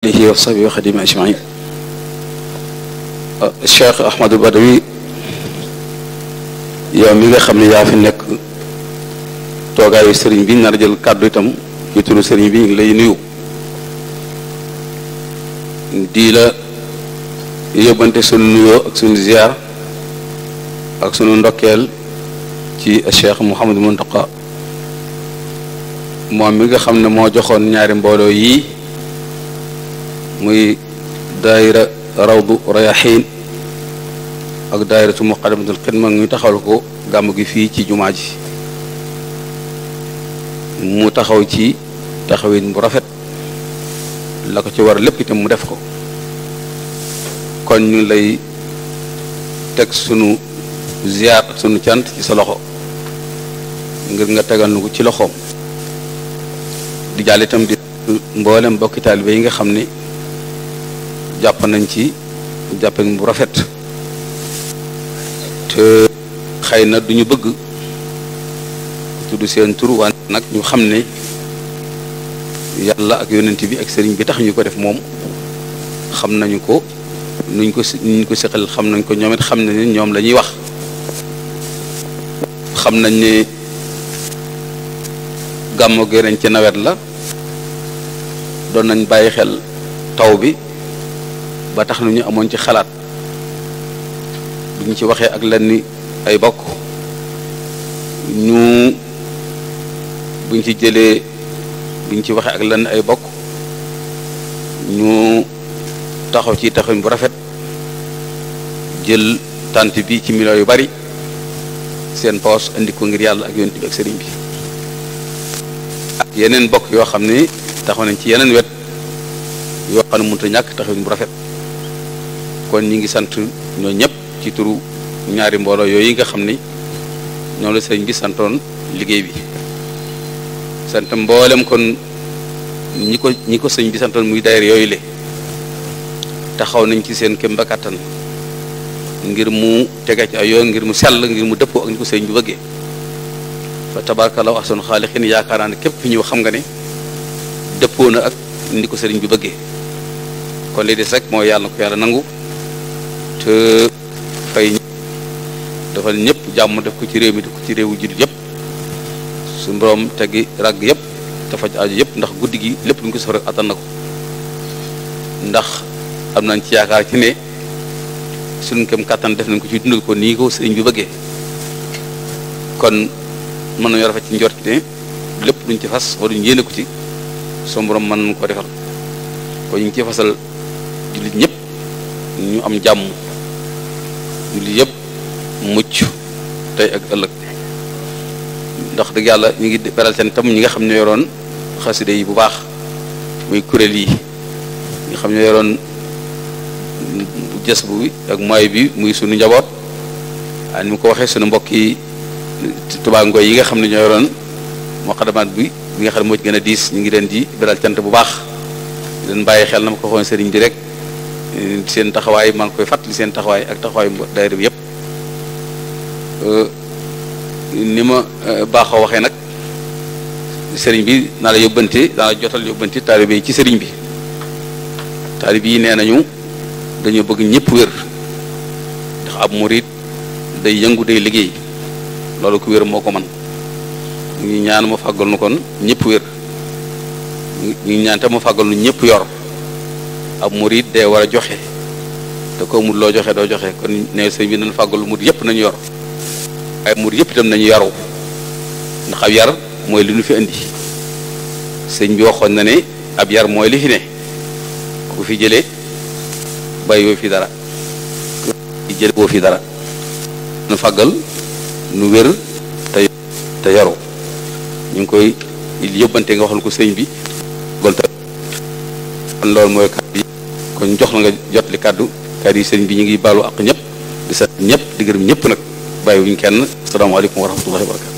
alihi wa sahbihi wa xadimi ajmain ah, Cheikh Ahmadou Badawi yow mi nga xam ne yaa fi nekk toogaayu sëriñ bi nar jël kàddu itam ci turu sëriñ bi ñu ngi lay nuyu di la yóbbante sunu nuyoo ak sunu ziar ak sunu ndokkeel ci Cheikh Mouhamadou Mountakha moom mi nga xam ne moo joxoon ñaari mbooloo yii muy daayira rawdu rayaxiin ak daayiratu muqaddamatul xidma ñu taxawal ko gàmm gi fii ci jumaa ji mu taxaw ci taxawin bu rafet la ko ci war lépp itam mu def ko kon ñu lay teg sunu ziar sunu cant ci sa loxo ngir nga tegal ci loxoom di jàll itam di mboolem mbokki taalibe yi nga xam ne jàpp nañ ci jàppan bu rafet te xëy na duñu bëgg tudd seen tur wante nag ñu xam ne yàlla ak yonent bi ak sëriñ bi tax ñu ko def moom xam nañu ko nuñ ko nuñ ko seqal xam nañ ko ñoom xam nañ ne ñoom lañuy wax xam nañ ne gàmmo gi ren ci nawet la doon nañ bàyyi xel taw bi ba tax na ñu amoon ci xalaat bu ñu ci waxee ak lenn ay bokk ñu buñ ci jëlee buñ ci waxee ak lenn ay bokk ñu taxaw ci taxawin bu rafet jël tant bi ci milo yu bari seen poos andi ko ngir yàlla ak yonent bi ak sëriñ bi ak yeneen bokk yoo xam ne taxaw nañ ci yeneen wet yoo xam ne mënut a ñàkk taxawin bu rafet kon ñi ngi sant ñoo ñëpp ci turu ñaari mbooloo yooyu nga xam ni ñoo la sëriñ bi santoon liggéey bi sant mboolem kon ñi ko ñi ko sëñ bi santoon muy daayira yooyu le taxaw nañ ci seen kém bakattan ngir mu tege ci ay yoon ngir mu sell ngir mu dëppoo ak ni ko sëñ bi bëggee fa tabarkalaw ahsanu xaaliqin yaakaar naa ne képp fi ñëw xam nga ne dëppoo na ak ni ko sëriñ bi bëggee kon li des rek mooy yàlla na ko yàlla nangu te fay defal ñëpp jàmm def ko ci réew mi def ko ci réewu jullit yëpp suñu borom teggi ràgg yëpp te faj aju yëpp ndax guddi gi lépp lu ñu ko sof rek ko ndax am nañ ci yaakaar ci ne suñu kem kàttan def nañ ko ci dundal nii ko sëriñ bi bëggee kon mën nañu rafet ci njort ne lépp luñ ci fas wala ñu ko ci suñu borom mën nañu ko defal kon ñu ngi ci fasal jullit ñëpp ñu am jàmm julli yeb mucc tay ak ëlëk ndax dëgg yàlla ñu ngi beral seen tam ñi nga xam ne yoroon xaside yi bu baax muy kuréel yi ñi xam ne yoroon jës bu ak mooy bi muy suñu njaboot waaye ni mu ko waxee suñu mbokk yi Tuubaa Ngoy yi nga xam ne ñoo yoroon moo xadamaat bi bi nga xam ne moo ci gën a diis ñu ngi leen di beral cant bu baax di leen bàyyi xel na ma ko waxoon sëriñ bi rek seen taxawaay maa ngi koy fàttali seen taxawaay ak taxawaay daayira bi yëpp euh, ni ma euh, baaxoo waxee nag sëriñ bi naa la yóbbante naa jotal yóbbante taalibe yi ci sëriñ bi taalibe yi nee nañu dañoo bëgg ñëpp wér ndax ab murit day yëngu day liggéey loolu ku wér moo ko man ñu ñaan ma fàggal nu kon ñëpp wér ñu ñaan te ma fàggal nu ñëpp yor ab murid dee war a joxe te ko amul loo joxe doo joxe kon ne sëñ bi nañ fàggalu murid yëpp nañu yor waaye murid yëpp itam nañu yaru ndax ab yar mooy li fi indi sëñ bi na ne ab yar mooy li fi ne ku fi jëlee bay yoo fi dara ku jële woo fi dara nu fàggal nu wér te yaru ñu ngi koy yóbbante nga waxal ko sëñ bi kon loolu mooy kon jox nga jot li kaddu kàddu señ bi ñi ngi balu ak ñep di sa ñep di gërëm ñep nak bayu ñu kenn assalamu alaykum wa rahmatullahi wa barakatu